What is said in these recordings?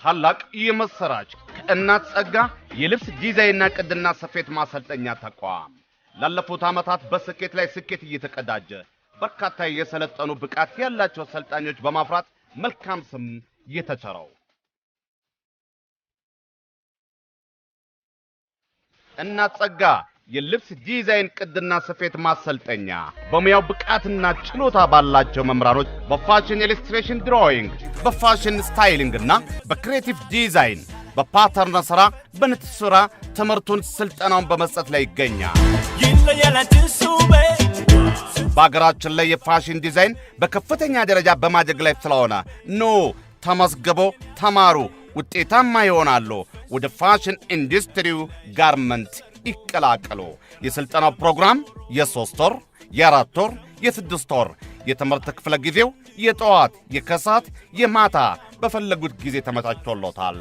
ታላቅ የመሰራጭ ከእናት ጸጋ የልብስ ዲዛይንና ቅድና ስፌት ማሰልጠኛ ተቋም ላለፉት ዓመታት በስኬት ላይ ስኬት እየተቀዳጀ በርካታ የሰለጠኑ ብቃት ያላቸው ሰልጣኞች በማፍራት መልካም ስም እየተቸረው እናት ጸጋ የልብስ ዲዛይን ቅድና ስፌት ማሰልጠኛ በሙያው ብቃትና ችሎታ ባላቸው መምራሮች በፋሽን ኢሊስትሬሽን ድሮዊንግ፣ በፋሽን ስታይሊንግና በክሬቲቭ ዲዛይን፣ በፓተርን ስራ፣ በንድፍ ስራ ትምህርቱን ስልጠናውን በመስጠት ላይ ይገኛል። በሀገራችን ላይ የፋሽን ዲዛይን በከፍተኛ ደረጃ በማደግ ላይ ስለሆነ ኖ ተመዝግቦ ተማሩ፣ ውጤታማ ይሆናሉ። ወደ ፋሽን ኢንዱስትሪው ጋርመንት ይቀላቀሉ። የሥልጠናው ፕሮግራም የሦስት ወር፣ የአራት ወር፣ የስድስት ወር የትምህርት ክፍለ ጊዜው የጠዋት፣ የከሳት የማታ በፈለጉት ጊዜ ተመቻችቶሎታል።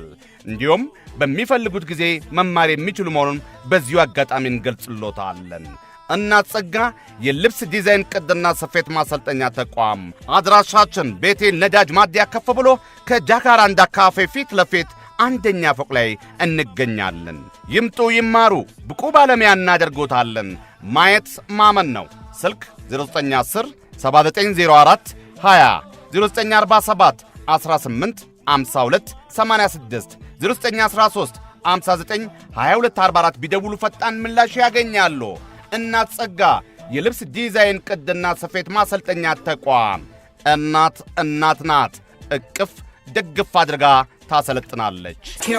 እንዲሁም በሚፈልጉት ጊዜ መማር የሚችሉ መሆኑን በዚሁ አጋጣሚ እንገልጽሎታለን። እናት ጸጋ የልብስ ዲዛይን ቅድና ስፌት ማሰልጠኛ ተቋም አድራሻችን ቤቴ ነዳጅ ማዲያ ከፍ ብሎ ከጃካራንዳ ካፌ ፊት ለፊት አንደኛ ፎቅ ላይ እንገኛለን። ይምጡ ይማሩ፣ ብቁ ባለሙያ እናደርጎታለን። ማየት ማመን ነው። ስልክ 0910 7904 20 0947 18 52 86 0913 59 22 44 ቢደውሉ ፈጣን ምላሽ ያገኛሉ። እናት ጸጋ የልብስ ዲዛይን ቅድና ስፌት ማሰልጠኛ ተቋም። እናት እናት ናት። እቅፍ ደግፍ አድርጋ ታሰለጥናለች።